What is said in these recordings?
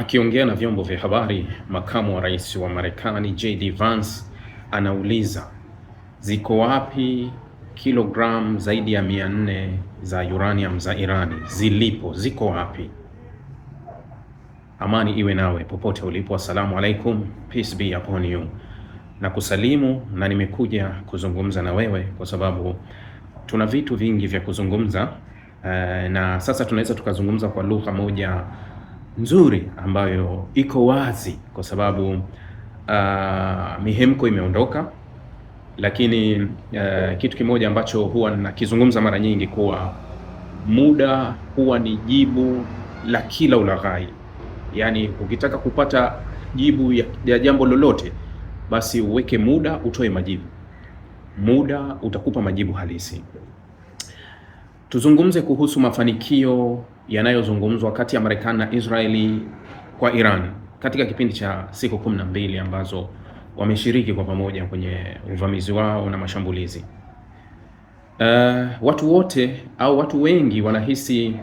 Akiongea na vyombo vya habari, makamu wa rais wa Marekani JD Vance anauliza ziko wapi kilogramu zaidi ya mia nne za uranium za Irani zilipo, ziko wapi? Amani iwe nawe popote ulipo. Assalamu alaikum, peace be upon you. Na kusalimu na nimekuja kuzungumza na wewe kwa sababu tuna vitu vingi vya kuzungumza, eh, na sasa tunaweza tukazungumza kwa lugha moja nzuri ambayo iko wazi kwa sababu uh, mihemko imeondoka, lakini uh, kitu kimoja ambacho huwa nakizungumza mara nyingi kuwa muda huwa ni jibu la kila ulaghai. Yaani, ukitaka kupata jibu ya, ya jambo lolote, basi uweke muda, utoe majibu. Muda utakupa majibu halisi. Tuzungumze kuhusu mafanikio yanayozungumzwa kati ya Marekani na Israeli kwa Iran katika kipindi cha siku kumi na mbili ambazo wameshiriki kwa pamoja kwenye uvamizi wao na mashambulizi. Uh, watu wote au watu wengi wanahisi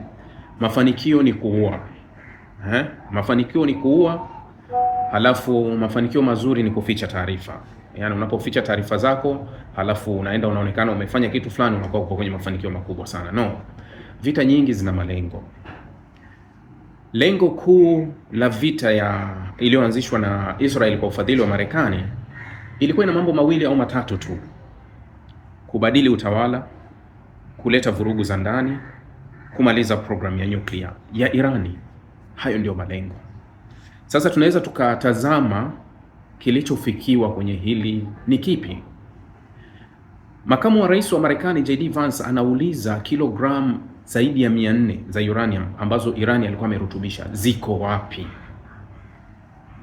mafanikio ni kuua eh? Mafanikio ni kuua, halafu mafanikio mazuri ni kuficha taarifa. Yaani unapoficha taarifa zako halafu unaenda unaonekana umefanya kitu fulani, unakuwa uko kwenye mafanikio makubwa sana. No, vita nyingi zina malengo. Lengo kuu la vita ya iliyoanzishwa na Israel kwa ufadhili wa Marekani ilikuwa ina mambo mawili au matatu tu: kubadili utawala, kuleta vurugu za ndani, kumaliza programu ya nyuklia ya Irani. Hayo ndiyo malengo. Sasa tunaweza tukatazama kilichofikiwa kwenye hili ni kipi. Makamu wa rais wa Marekani JD Vance anauliza kilogramu zaidi ya mia nne za uranium ambazo Irani alikuwa amerutubisha ziko wapi?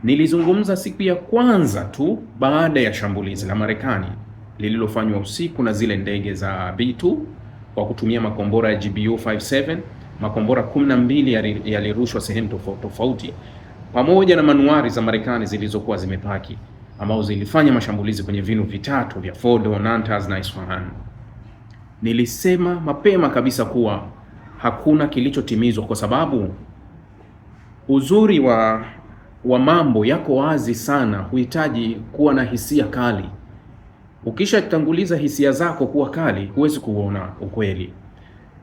Nilizungumza siku ya kwanza tu baada ya shambulizi la Marekani lililofanywa usiku na zile ndege za B2 kwa kutumia makombora ya GBU 57 makombora 12 yalirushwa sehemu tofauti tofauti, pamoja na manuari za Marekani zilizokuwa zimepaki, ambao zilifanya mashambulizi kwenye vinu vitatu vya Fordo, Natanz na Isfahan nilisema mapema kabisa kuwa hakuna kilichotimizwa kwa sababu uzuri wa wa mambo yako wazi sana, huhitaji kuwa na hisia kali. Ukishatanguliza hisia zako kuwa kali, huwezi kuona ukweli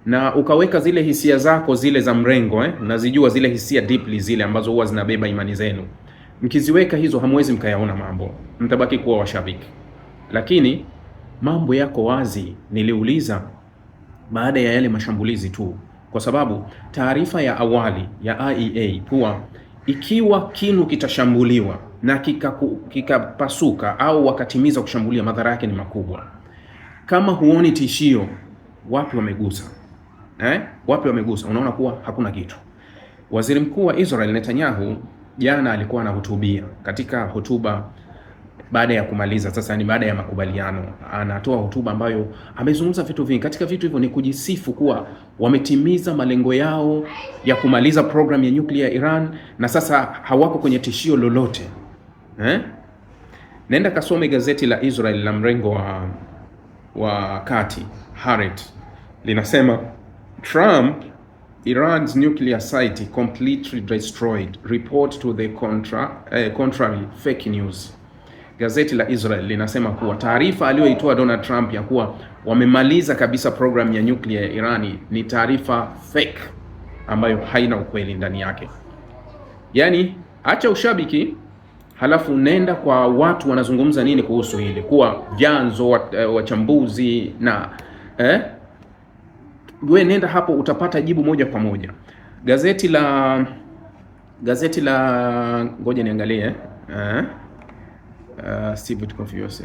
na ukaweka zile hisia zako zile za mrengo eh, nazijua zile hisia deeply zile ambazo huwa zinabeba imani zenu. Mkiziweka hizo, hamwezi mkayaona mambo, mtabaki kuwa washabiki, lakini mambo yako wazi, niliuliza baada ya yale mashambulizi tu, kwa sababu taarifa ya awali ya IEA kuwa ikiwa kinu kitashambuliwa na kikapasuka kika au wakatimiza kushambulia, madhara yake ni makubwa. Kama huoni tishio, wapi wamegusa eh? Wapi wamegusa? Unaona kuwa hakuna kitu. Waziri Mkuu wa Israel Netanyahu jana alikuwa anahutubia, katika hotuba baada ya kumaliza sasa, ni baada ya makubaliano, anatoa hotuba ambayo amezungumza vitu vingi. Katika vitu hivyo ni kujisifu kuwa wametimiza malengo yao ya kumaliza programu ya nyuklia ya Iran na sasa hawako kwenye tishio lolote eh? Naenda kasome gazeti la Israel la mrengo wa, wa kati Haaretz linasema Trump Iran's nuclear site completely destroyed report to the contra, eh, contrary fake news Gazeti la Israel linasema kuwa taarifa aliyoitoa Donald Trump ya kuwa wamemaliza kabisa programu ya nyuklia ya Irani ni taarifa fake ambayo haina ukweli ndani yake. Yaani, acha ushabiki halafu nenda kwa watu wanazungumza nini kuhusu hili, kuwa vyanzo, eh, wachambuzi na eh, we nenda hapo utapata jibu moja kwa moja. Gazeti la gazeti la ngoja niangalie eh uh, Civil Confucius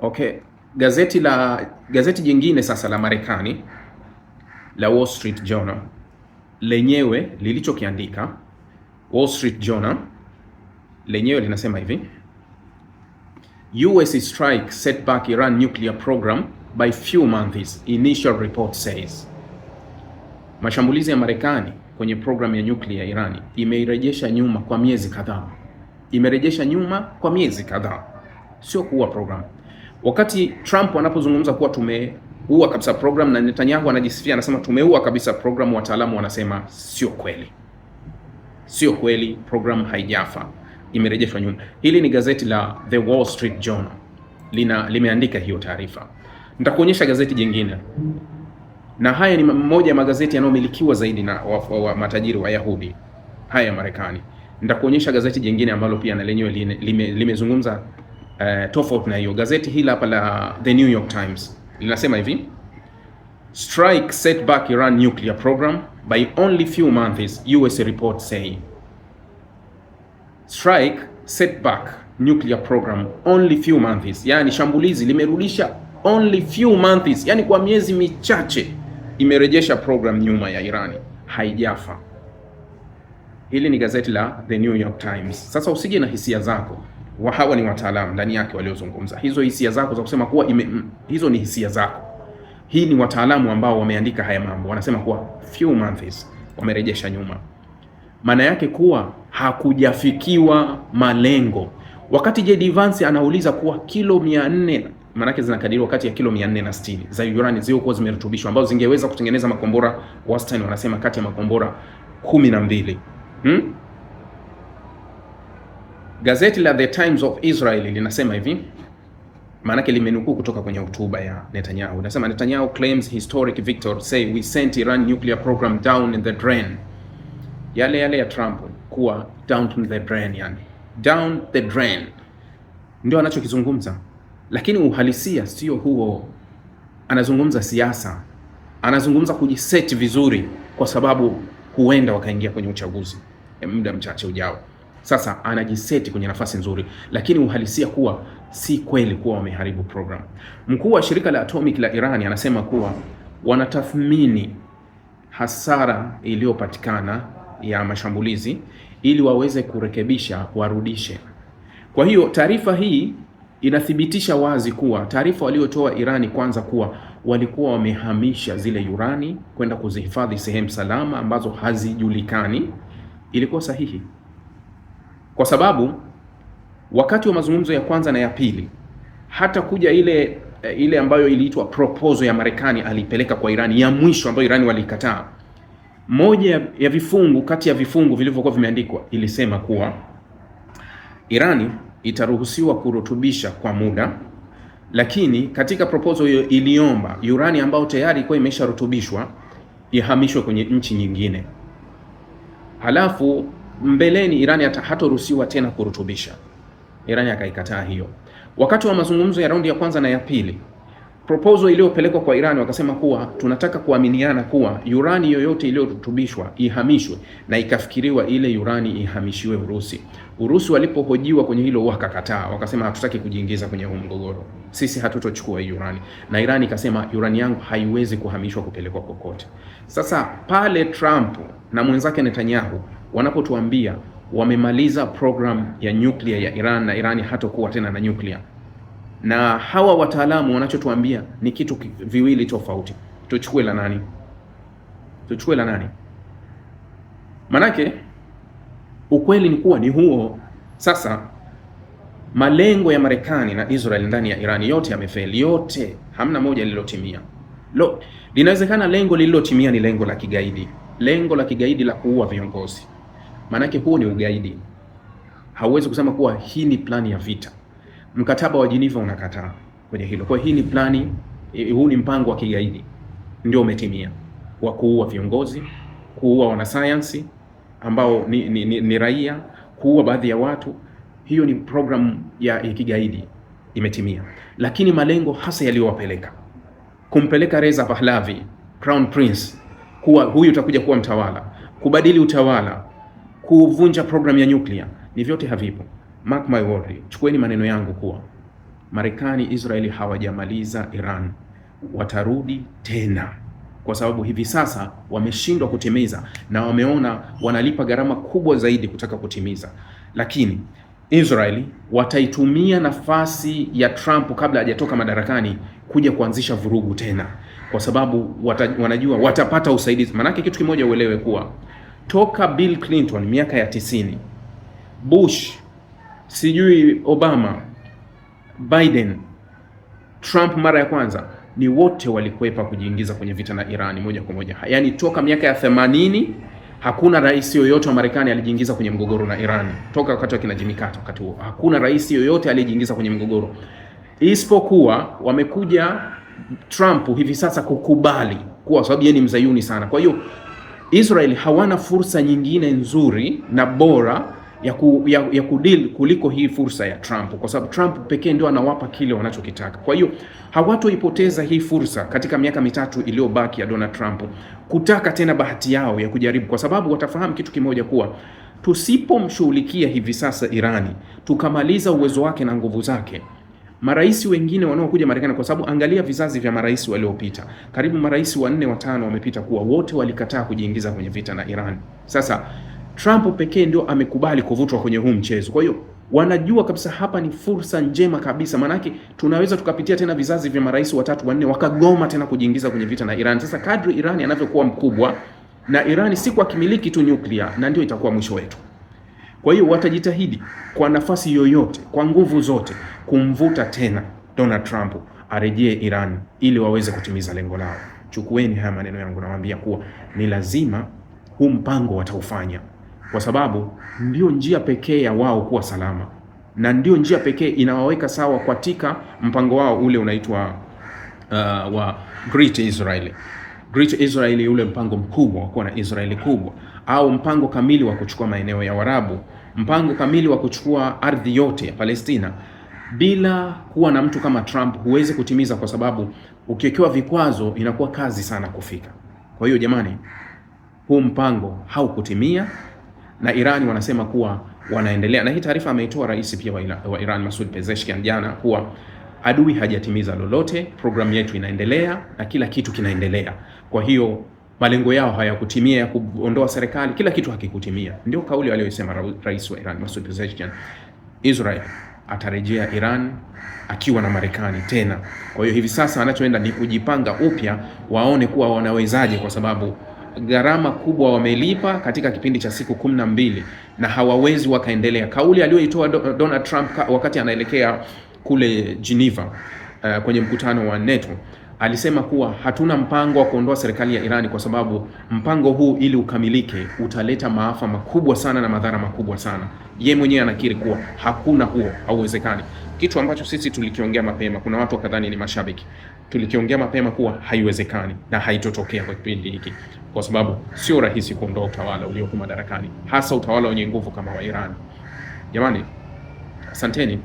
okay. Gazeti la gazeti jingine sasa la Marekani la Wall Street Journal lenyewe lilichokiandika Wall Street Journal lenyewe linasema hivi: US strike set back Iran nuclear program by few months, initial report says. Mashambulizi ya Marekani kwenye programu ya nyuklia ya Irani imeirejesha nyuma kwa miezi kadhaa imerejesha nyuma kwa miezi kadhaa, sio kuua program. Wakati Trump anapozungumza kuwa tumeua kabisa program na Netanyahu anajisifia anasema tumeua kabisa program, wataalamu wanasema sio kweli, sio kweli, program haijafa, imerejeshwa nyuma. Hili ni gazeti la The Wall Street Journal lina limeandika hiyo taarifa. Nitakuonyesha gazeti jingine, na haya ni moja ya magazeti yanayomilikiwa zaidi na wa, wa, wa, matajiri wa Yahudi haya ya Marekani. Nitakuonyesha gazeti jingine ambalo pia na lenyewe limezungumza lime lime uh, tofauti na hiyo. Gazeti hili hapa la The New York Times linasema hivi: Strike set back Iran nuclear program by only few months, US report say. Strike set back nuclear program only few months, yani shambulizi limerudisha only few months, yani kwa miezi michache imerejesha program nyuma ya Irani, haijafa. Hili ni gazeti la The New York Times. Sasa usije na hisia zako wa hawa ni wataalamu ndani yake waliozungumza. Hizo hisia zako za kusema kuwa ime, mm, hizo ni hisia zako. Hii ni wataalamu ambao wameandika haya mambo, wanasema kuwa few months wamerejesha nyuma, maana yake kuwa hakujafikiwa malengo. Wakati JD Vance anauliza kuwa kilo 400 maanake zinakadiriwa kati ya kilo 460 na 60 za urani zilizokuwa zimerutubishwa ambazo zingeweza kutengeneza makombora wastani, wanasema kati ya makombora 12 hmm? Gazeti la The Times of Israel linasema hivi, maanake limenukuu kutoka kwenye hotuba ya Netanyahu. Nasema Netanyahu claims historic victory, say we sent Iran nuclear program down in the drain. Yale yale ya Trump kuwa down in the drain, yani down the drain ndio anachokizungumza, lakini uhalisia sio huo. Anazungumza siasa, anazungumza kujiseti vizuri, kwa sababu huenda wakaingia kwenye uchaguzi. Eh, muda mchache ujao. Sasa anajiseti kwenye nafasi nzuri, lakini uhalisia kuwa si kweli kuwa wameharibu program. Mkuu wa shirika la atomic la iran anasema kuwa wanatathmini hasara iliyopatikana ya mashambulizi ili waweze kurekebisha, warudishe. Kwa hiyo taarifa hii inathibitisha wazi kuwa taarifa waliotoa Irani kwanza kuwa walikuwa wamehamisha zile urani kwenda kuzihifadhi sehemu salama ambazo hazijulikani ilikuwa sahihi, kwa sababu wakati wa mazungumzo ya kwanza na ya pili hata kuja ile eh, ile ambayo iliitwa proposal ya Marekani alipeleka kwa Irani ya mwisho ambayo Irani walikataa. Moja ya vifungu kati ya vifungu vilivyokuwa vimeandikwa ilisema kuwa Irani itaruhusiwa kurutubisha kwa muda, lakini katika proposal hiyo iliomba urani ambayo tayari ilikuwa imesharutubishwa ihamishwe kwenye nchi nyingine halafu mbeleni Iran hataruhusiwa tena kurutubisha. Iran akaikataa hiyo. Wakati wa mazungumzo ya raundi ya kwanza na ya pili, proposal iliyopelekwa kwa Iran wakasema kuwa tunataka kuaminiana kuwa urani yoyote iliyorutubishwa ihamishwe, na ikafikiriwa ile urani ihamishiwe Urusi. Urusi walipohojiwa kwenye hilo wakakataa, wakasema hatutaki kujiingiza kwenye huu mgogoro, sisi hatutochukua hii urani. Na Iran ikasema urani yangu haiwezi kuhamishwa kupelekwa kokote. Sasa pale Trump na mwenzake Netanyahu wanapotuambia wamemaliza program ya nyuklia ya Iran na Irani hatakuwa tena na nyuklia, na hawa wataalamu wanachotuambia ni kitu viwili tofauti. Tuchukue la nani? Tuchukue la nani? Manake ukweli ni kuwa ni huo. Sasa malengo ya Marekani na Israel ndani ya Irani yote yamefeli, yote hamna moja lililotimia. Lo, linawezekana lengo lililotimia ni lengo la kigaidi lengo la kigaidi la kuua viongozi. Maanake huo ni ugaidi. Hauwezi kusema kuwa hii ni plani ya vita. Mkataba wa Geneva unakataa kwenye hilo. Kwa hiyo hii ni plani, eh, huu ni mpango wa kigaidi ndio umetimia wa kuua viongozi, kuua wanasayansi ambao ni, ni, ni, ni raia, kuua baadhi ya watu. Hiyo ni programu ya kigaidi imetimia, lakini malengo hasa yaliyowapeleka kumpeleka Reza Pahlavi, Crown Prince kuwa huyu utakuja kuwa mtawala, kubadili utawala, kuvunja programu ya nyuklia, ni vyote havipo. Mark my word, chukueni maneno yangu kuwa Marekani, Israeli hawajamaliza Iran, watarudi tena kwa sababu hivi sasa wameshindwa kutimiza na wameona wanalipa gharama kubwa zaidi kutaka kutimiza, lakini Israeli wataitumia nafasi ya Trump kabla hajatoka madarakani kuja kuanzisha vurugu tena, kwa sababu wata, wanajua watapata usaidizi. Maanake kitu kimoja uelewe kuwa toka Bill Clinton miaka ya tisini, Bush, sijui Obama, Biden, Trump mara ya kwanza, ni wote walikwepa kujiingiza kwenye vita na Irani moja kwa moja, yaani toka miaka ya themanini hakuna rais yoyote wa Marekani alijiingiza kwenye mgogoro na Iran toka wakati wa kina Jimmy Carter. Wakati huo hakuna rais yoyote aliyejiingiza kwenye mgogoro, isipokuwa wamekuja Trump hivi sasa kukubali kuwa, sababu yeye ni mzayuni sana. Kwa hiyo Israel hawana fursa nyingine nzuri na bora ya, ku, ya, ya kudil kuliko hii fursa ya Trump, kwa sababu Trump pekee ndio anawapa kile wanachokitaka. Kwa hiyo hawatoipoteza hii fursa katika miaka mitatu iliyobaki ya Donald Trump kutaka tena bahati yao ya kujaribu, kwa sababu watafahamu kitu kimoja kuwa tusipomshughulikia hivi sasa Irani tukamaliza uwezo wake na nguvu zake marais wengine wanaokuja Marekani, kwa sababu angalia vizazi vya marais waliopita, karibu marais wanne watano wamepita kuwa wote walikataa kujiingiza kwenye vita na Iran. Sasa Trump pekee ndio amekubali kuvutwa kwenye huu mchezo. Kwa hiyo wanajua kabisa hapa ni fursa njema kabisa, maanake tunaweza tukapitia tena vizazi vya marais watatu wanne wakagoma tena kujiingiza kwenye vita na Iran. Sasa kadri Iran anavyokuwa mkubwa na Irani siku akimiliki tu nyuklia, na ndio itakuwa mwisho wetu. Kwa hiyo watajitahidi kwa nafasi yoyote, kwa nguvu zote kumvuta tena Donald Trump arejee Iran ili waweze kutimiza lengo lao. Chukueni haya maneno yangu, nawaambia kuwa ni lazima huu mpango wataufanya kwa sababu ndio njia pekee ya wao kuwa salama na ndio njia pekee inawaweka sawa katika mpango wao ule unaitwa uh, wa Great Israel. Great Israel, ule mpango mkubwa wa kuwa na Israeli kubwa, au mpango kamili wa kuchukua maeneo ya Warabu, mpango kamili wa kuchukua ardhi yote ya Palestina. Bila kuwa na mtu kama Trump huwezi kutimiza, kwa sababu ukiwekewa vikwazo inakuwa kazi sana kufika. Kwa hiyo jamani, huu mpango haukutimia na Iran wanasema kuwa wanaendelea na hii taarifa ameitoa rais pia wa ila, wa Iran Masoud Pezeshkian jana kuwa adui hajatimiza lolote, programu yetu inaendelea na kila kitu kinaendelea. Kwa hiyo malengo yao hayakutimia ya kuondoa serikali, kila kitu hakikutimia. Ndio kauli aliyosema rais wa Iran Masoud Pezeshkian. Israel atarejea Iran akiwa na Marekani tena. Kwa hiyo hivi sasa anachoenda ni kujipanga upya, waone kuwa wanawezaje, kwa sababu gharama kubwa wamelipa katika kipindi cha siku kumi na mbili na hawawezi wakaendelea. Kauli aliyoitoa Donald Trump wakati anaelekea kule Geneva uh, kwenye mkutano wa NATO alisema kuwa hatuna mpango wa kuondoa serikali ya Irani kwa sababu mpango huu ili ukamilike utaleta maafa makubwa sana na madhara makubwa sana. Ye mwenyewe anakiri kuwa hakuna huo, hauwezekani, kitu ambacho sisi tulikiongea mapema. Kuna watu wakadhani ni mashabiki tulikiongea mapema kuwa haiwezekani na haitotokea kwa kipindi hiki, kwa sababu sio rahisi kuondoa utawala ulioko madarakani, hasa utawala wenye nguvu kama wa Iran. Jamani, asanteni.